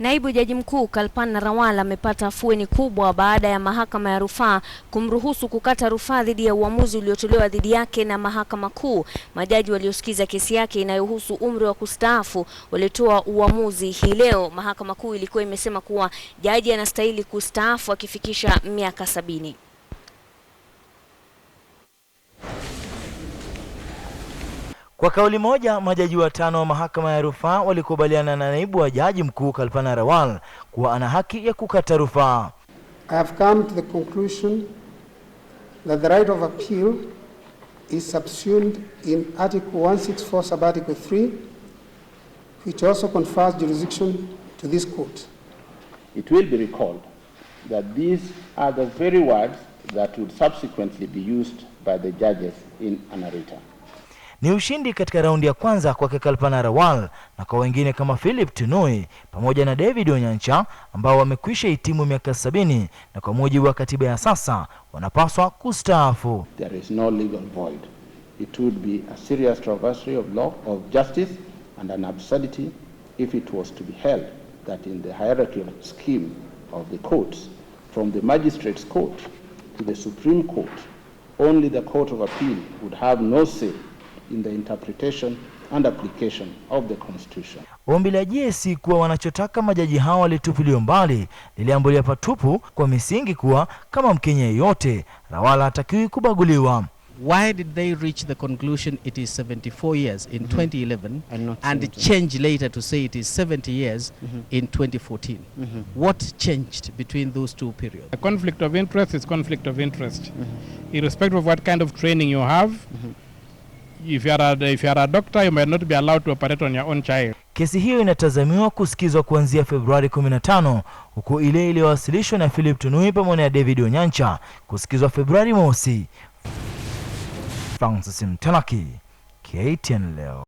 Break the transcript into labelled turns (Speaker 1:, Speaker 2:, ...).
Speaker 1: Naibu Jaji Mkuu Kalpan Rawala amepata afueni kubwa baada ya mahakama ya rufaa kumruhusu kukata rufaa dhidi ya uamuzi uliotolewa dhidi yake na mahakama kuu. Majaji waliosikiza kesi yake inayohusu umri wa kustaafu walitoa uamuzi hii leo. Mahakama kuu ilikuwa imesema kuwa jaji anastahili kustaafu akifikisha miaka sabini.
Speaker 2: Kwa kauli moja, majaji watano wa mahakama ya rufaa walikubaliana na naibu wa jaji mkuu Kalpana Rawal kuwa ana haki ya kukata rufaa.
Speaker 3: I have come to the conclusion that the right of appeal is subsumed in Article 164 sub Article 3 which also confers jurisdiction to this court.
Speaker 4: It will be recalled that these are the very words that would subsequently be used by the judges in an arita
Speaker 2: ni ushindi katika raundi ya kwanza kwake Kalpana Rawal na kwa wengine kama Philip Tunoi pamoja na David Onyancha ambao wamekwisha hitimu miaka sabini na kwa mujibu wa katiba ya sasa wanapaswa kustaafu.
Speaker 4: There is no legal void. It would be a serious traversary of law of justice and an absurdity if it was to be held that in the hierarchy scheme of the courts from the magistrates court to the supreme court only the court of appeal would have no say in the interpretation and application of the constitution.
Speaker 2: Ombi la JSC kuwa wanachotaka majaji hao walitupiliwa mbali liliambulia patupu kwa misingi kuwa kama Mkenya yeyote Rawala hatakiwi kubaguliwa.
Speaker 5: Why did they reach the conclusion it is 74 years in mm -hmm. 2011 and, and change later to say it is 70 years mm -hmm. in 2014? Mm -hmm. What changed between those two periods?
Speaker 6: A conflict of interest is conflict of interest mm -hmm. irrespective of what kind of training you have mm -hmm if you are a, if you are a doctor you not be allowed to operate on your own child.
Speaker 2: Kesi hiyo inatazamiwa kusikizwa kuanzia Februari 15 huku ile iliyowasilishwa na Philip Tunui pamoja na David Onyancha kusikizwa Februari mosi. Francis Mtanaki, KTN leo.